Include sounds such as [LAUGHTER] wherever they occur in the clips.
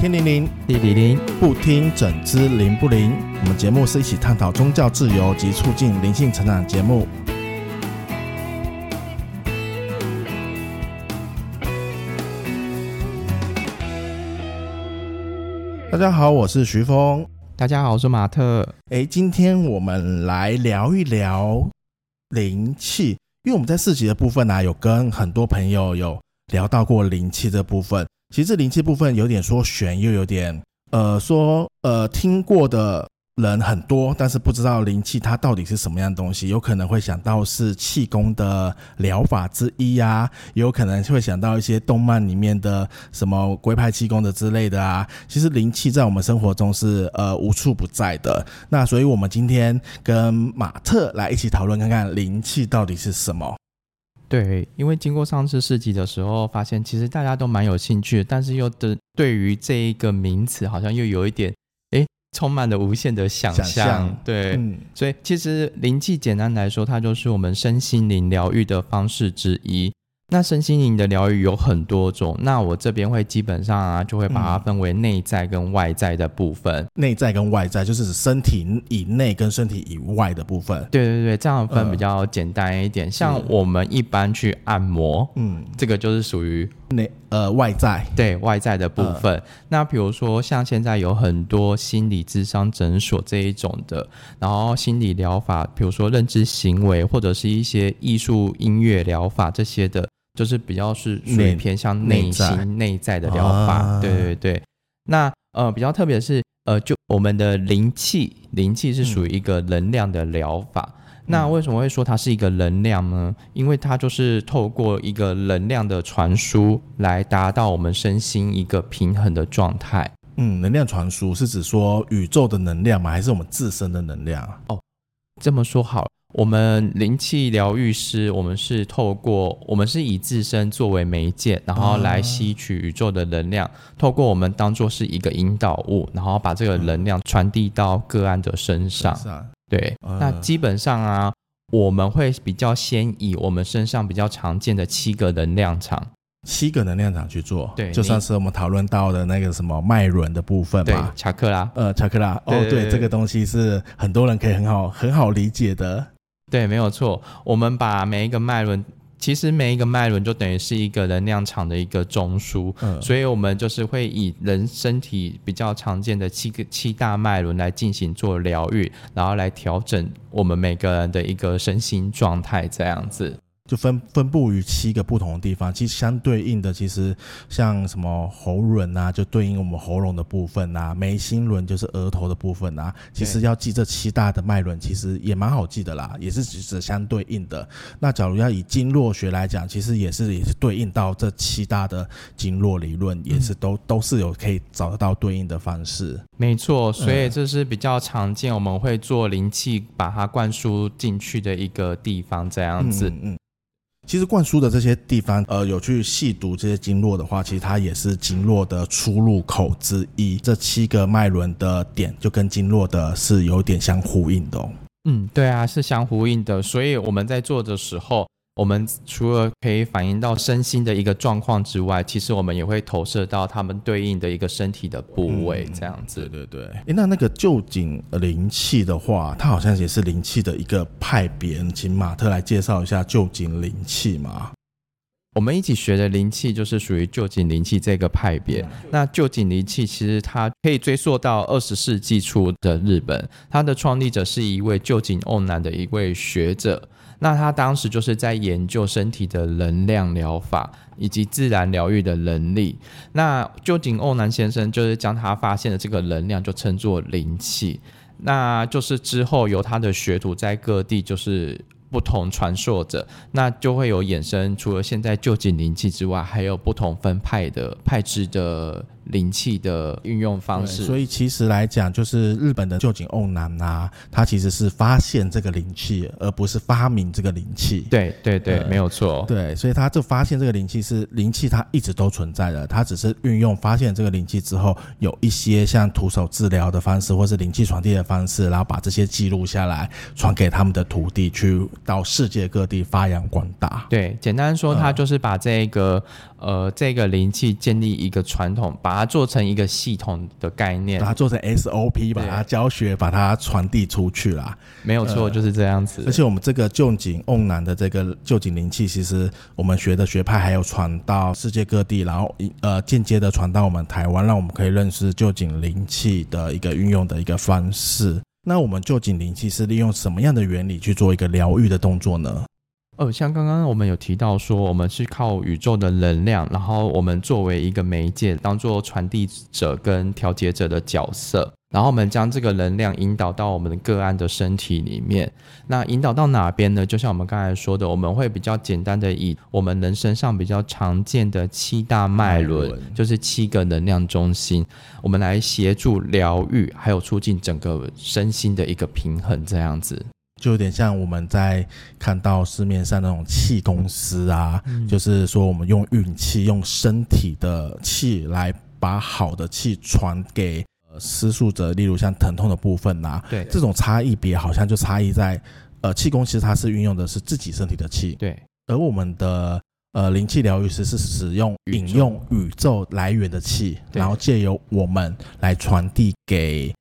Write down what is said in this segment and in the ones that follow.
天靈靈，地靈靈，不聽怎知靈不靈？我們節目是一起探討宗教自由及促進靈性成長節目。大家好，我是徐峰。大家好，我是馬特。誒、欸，今天我們來聊一聊靈氣，因為我們在四集的部分啊，有跟很多朋友有聊到過靈氣這部分。其實靈氣部分有點說玄，又有點呃說呃聽過的人很多，但是不知道靈氣它到底是什麼樣的東西。有可能會想到是氣功的療法之一呀、啊，也有可能會想到一些動漫裡面的什麼龜派氣功的之類的啊。其實靈氣在我們生活中是呃無處不在的，那所以我們今天跟馬特來一起討論看看靈氣到底是什麼？對，因為經過上次市集的時候，發現其實大家都蠻有興趣，但是又對對於這一個名詞，好像又有一點，哎，充滿了無限的想象。想象，對，嗯。所以其實靈氣，簡單來說，它就是我們身心靈療癒的方式之一。那身心靈的療癒有很多種，那我這邊會基本上啊，就會把它分為內在跟外在的部分。嗯、內在跟外在就是身體以內跟身體以外的部分。對對對，這樣分比較簡單一點。呃、像我們一般去按摩，嗯，這個就是屬於內呃外在，對外在的部分。呃、那比如說像現在有很多心理諮商診所這一種的，然後心理療法，比如說認知行為或者是一些藝術音樂療法這些的。就是比較是於偏向內心內在，在的療法，啊、對對對。那呃比較特別是，呃就我們的靈氣，靈氣是屬於一個能量的療法。嗯、那為什麼會說它是一個能量呢？嗯、因為它就是透過一個能量的傳輸來達到我們身心一個平衡的狀態。嗯，能量傳輸是指說宇宙的能量嗎？還是我們自身的能量？哦，這麼說好。我們靈氣療癒師，我們是透過我們是以自身作為媒介，然後來吸取宇宙的能量，嗯、透過我們當做是一個引導物，然後把這個能量傳遞到個案的身上。是啊、嗯，對。嗯、那基本上啊，我們會比較先以我們身上比較常見的七個能量場，七個能量場去做。對，就上次我們討論到的那個什麼脈輪的部分嘛，查克拉，查克拉,呃，查克拉。哦，對，這個東西是很多人可以很好、很好理解的。對，沒有錯。我們把每一個脈輪，其實每一個脈輪就等於是一個能量場的一個中樞，嗯、所以我們就是會以人身體比較常見的七個，七大脈輪來進行做療癒，然後來調整我們每個人的一個身心狀態，這樣子。就分分佈於七個不同的地方，其實相對應的，其實像什麼喉輪啊，就對應我們喉嚨的部分啊；眉心輪就是額頭的部分啊。其實要記這七大的脈輪，其實也蠻好記的啦，也是指相對應的。那假如要以經絡學來講，其實也是也是對應到這七大的經絡理論，嗯、也是都都是有可以找得到對應的方式。沒錯，所以這是比較常見，我們會做靈氣把它灌輸進去的一個地方，這樣子。嗯。嗯嗯其實灌輸的這些地方，呃，有去細讀這些經絡的話，其實它也是經絡的出入口之一。這七個脈輪的點，就跟經絡的是有點相呼應的哦。嗯，對啊，是相呼應的。所以我們在做的時候。我們除了可以反映到身心的一個狀況之外，其實我們也會投射到他們對應的一個身體的部位，這樣子。嗯、對對對。哎，那那個臼井靈氣的話，它好像也是靈氣的一個派別，請馬特來介紹一下臼井靈氣嘛。我們一起學的靈氣，就是屬於臼井靈氣這個派別。那臼井靈氣其實它可以追溯到二十世紀初的日本，它的創立者是一位臼井歐南的一位學者。那他當時就是在研究身體的能量療法以及自然療癒的能力。那臼井歐南先生就是將他發現的這個能量就稱作靈氣。那就是之後由他的學徒在各地就是。不同傳說者，那就會有衍生。除了現在舊近靈氣之外，還有不同分派的派制的。靈氣的運用方式，嗯、所以其實來講，就是日本的臼井甕男吶、啊，他其實是發現這個靈氣，而不是發明這個靈氣。對對對，嗯、沒有錯。對，所以他就發現這個靈氣是靈氣，它一直都存在的，他只是運用發現這個靈氣之後，有一些像徒手治療的方式，或是靈氣傳遞的方式，然後把這些記錄下來，傳給他們的徒弟，去到世界各地發揚光大。對，簡單說，他就是把這個、嗯。呃，這個靈氣建立一個傳統，把它做成一個系統的概念，把它做成 SOP，把它教學，對把它傳遞出去啦，沒有錯，呃、就是這樣子。而且我們這個臼井甕男的這個臼井靈氣，其實我們學的學派還有傳到世界各地，然後呃間接的傳到我們台灣，讓我們可以認識臼井靈氣的一個運用的一個方式。那我們臼井靈氣是利用什麼樣的原理去做一個療癒的動作呢？呃，像剛剛我們有提到說，我們是靠宇宙的能量，然後我們作為一個媒介，當做傳遞者跟調節者的角色，然後我們將這個能量引導到我們的個案的身體裡面。那引導到哪邊呢？就像我們剛才說的，我們會比較簡單的以我們人身上比較常見的七大脈輪，文就是七個能量中心，我們來協助療癒，還有促進整個身心的一個平衡，這樣子。就有點像我們在看到市面上那種氣功師啊，就是說我們用運氣、用身體的氣來把好的氣傳給呃施術者，例如像疼痛的部分吶。對，這種差異別好像就差異在，呃，氣功其實它是運用的是自己身體的氣，對。而我們的呃靈氣療癒師是使用引用宇宙來源的氣，然後借由我們來傳遞給。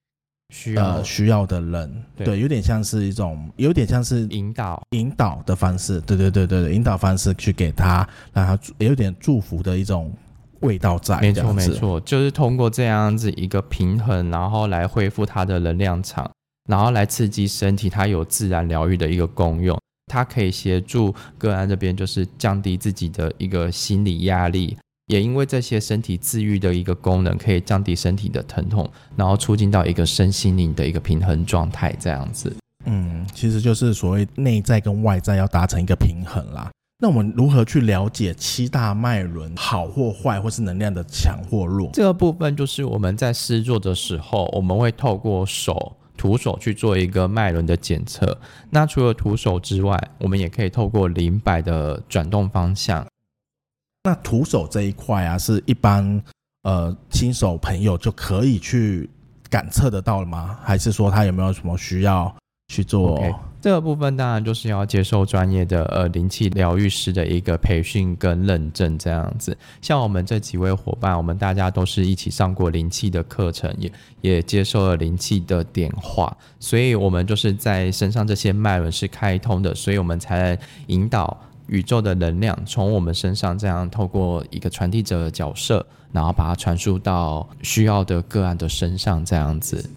需要、呃、需要的人，對，對，有點像是一種，有點像是引導引導的方式，對對對對對，引導方式去給他，讓他有點祝福的一種味道在，沒錯沒錯，就是通過這樣子一個平衡，然後來恢復他的能量場，然後來刺激身體，它有自然療癒的一個功用，它可以協助個人這邊就是降低自己的一個心理壓力。也因為這些身體自愈的一個功能，可以降低身體的疼痛，然後促進到一個身心靈的一個平衡狀態，這樣子。嗯，其實就是所謂內在跟外在要達成一個平衡啦。那我們如何去了解七大脈輪好或壞，或是能量的強或弱？這個部分就是我們在施作的時候，我們會透過手，徒手去做一個脈輪的檢測。那除了徒手之外，我們也可以透過靈擺的轉動方向。那徒手這一塊啊，是一般呃新手朋友就可以去感測得到了嗎？還是說他有沒有什麼需要去做？Okay, 這個部分當然就是要接受專業的呃靈氣療癒師的一個培訓跟認證，這樣子。像我們這幾位夥伴，我們大家都是一起上過靈氣的課程，也也接受了靈氣的點化，所以我們就是在身上這些脈輪是開通的，所以我們才能引導。宇宙的能量從我們身上這樣透過一個傳遞者的角色，然後把它傳輸到需要的個案的身上，這樣子，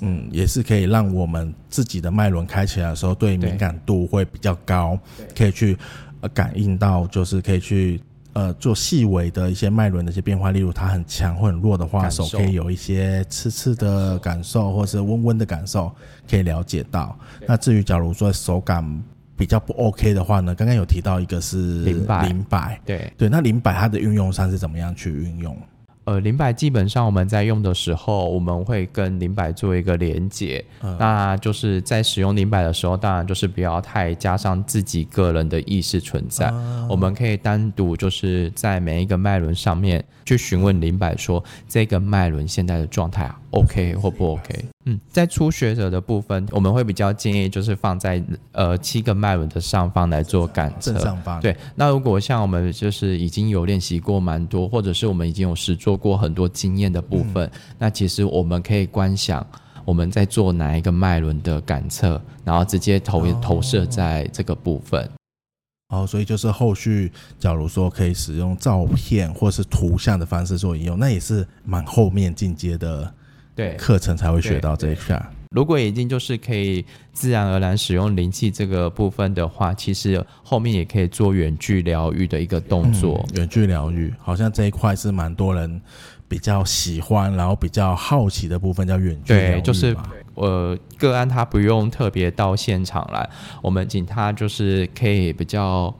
嗯，也是可以讓我們自己的脈輪開起來的時候，對敏感度會比較高，對可以去，呃、感應到，就是可以去呃做細微的一些脈輪的一些變化，例如它很強或很弱的話，受手可以有一些刺刺的感受，感受或者是溫溫的感受，可以了解到。對那至於假如說手感。比較不 OK 的話呢，剛剛有提到一個是靈擺，對對，那靈擺它的運用上是怎麼樣去運用？呃，靈擺基本上我們在用的時候，我們會跟靈擺做一個連接，嗯、那就是在使用靈擺的時候，當然就是不要太加上自己個人的意識存在，嗯、我們可以單獨就是在每一個脈輪上面去詢問靈擺說、嗯、這個脈輪現在的狀態 OK 或不 OK。嗯嗯嗯，在初學者的部分，我們會比較建議就是放在呃七個脈輪的上方來做感測。正上方。對，那如果像我們就是已經有練習過蠻多，或者是我們已經有實做過很多經驗的部分，嗯、那其實我們可以觀想我們在做哪一個脈輪的感測，然後直接投投射在這個部分哦。哦，所以就是後續，假如說可以使用照片或是圖像的方式做應用，那也是蠻後面進階的。對，課程才會學到這一下。如果已經就是可以自然而然使用靈氣這個部分的話，其實後面也可以做遠距療癒的一個動作。嗯、遠距療癒好像這一塊是蠻多人比較喜歡，然後比較好奇的部分叫遠距療癒。對，就是呃個案他不用特別到現場來，我們請他就是可以比較。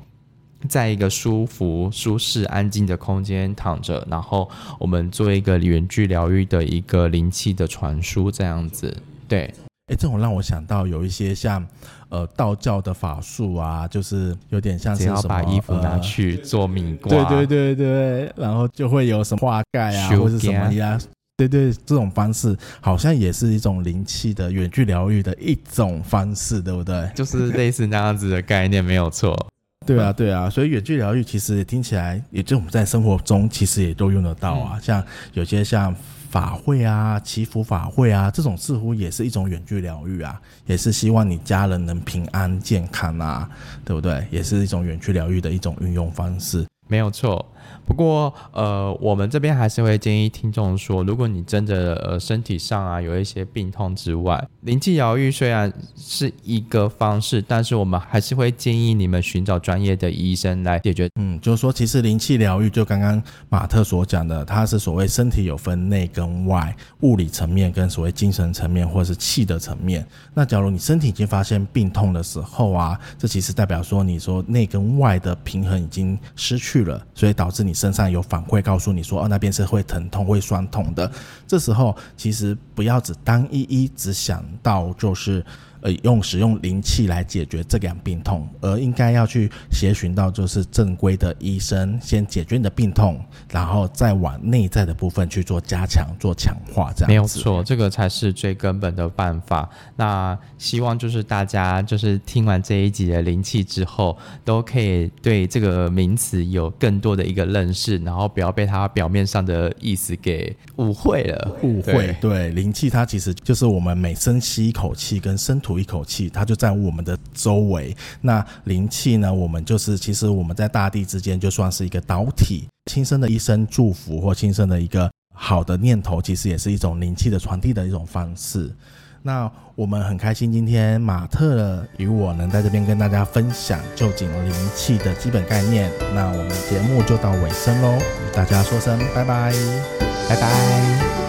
在一個舒服、舒適、安靜的空間躺着，然後我們做一個遠距療癒的一個靈氣的傳輸，這樣子。對，哎、欸，這種讓我想到有一些像呃道教的法術啊，就是有點像是要把衣服拿去做米卦、呃、對，對對對對，然後就會有什麼化蓋啊驚或者是什麼呀，對對，這種方式好像也是一種靈氣的遠距療癒的一種方式，對不對？就是類似那樣子的概念， [LAUGHS] 沒有錯。對啊，對啊，所以遠距療癒其實聽起來，也就我們在生活中其實也都用得到啊。像有些像法會啊、祈福法會啊，這種似乎也是一種遠距療癒啊，也是希望你家人能平安健康啊，對不對？也是一種遠距療癒的一種運用方式。沒有錯，不過呃，我們這邊還是會建議聽眾說，如果你真的，呃身體上啊有一些病痛之外，靈氣療癒雖然是一個方式，但是我們還是會建議你們尋找專業的醫生來解決。嗯，就是說，其實靈氣療癒就剛剛馬特所講的，它是所謂身體有分內跟外，物理層面跟所謂精神層面或是氣的層面。那假如你身體已經發現病痛的時候啊，這其實代表說你說內跟外的平衡已經失去。去了，所以導致你身上有反饋，告訴你說，哦，那邊是會疼痛、會酸痛的。這時候其實不要只單一一直想到就是。呃，用使用靈氣來解決這兩病痛，而應該要去協尋到就是正規的醫生，先解決你的病痛，然後再往內在的部分去做加強、做強化這樣子。沒有錯，這個才是最根本的辦法。那希望就是大家就是聽完這一集的靈氣之後，都可以對這個名詞有更多的一個認識，然後不要被它表面上的意思給誤會了。誤會。對，對，靈氣它其實就是我們每深吸一口氣跟深吐。一口氣，它就在我們的周圍。那靈氣呢？我們就是其實我們在大地之間就算是一個導體。輕聲的一聲祝福或輕聲的一個好的念頭，其實也是一種靈氣的傳遞的一種方式。那我們很開心，今天馬特與我能在這邊跟大家分享臼井靈氣的基本概念。那我們節目就到尾聲嘍，與大家說聲拜拜，拜拜。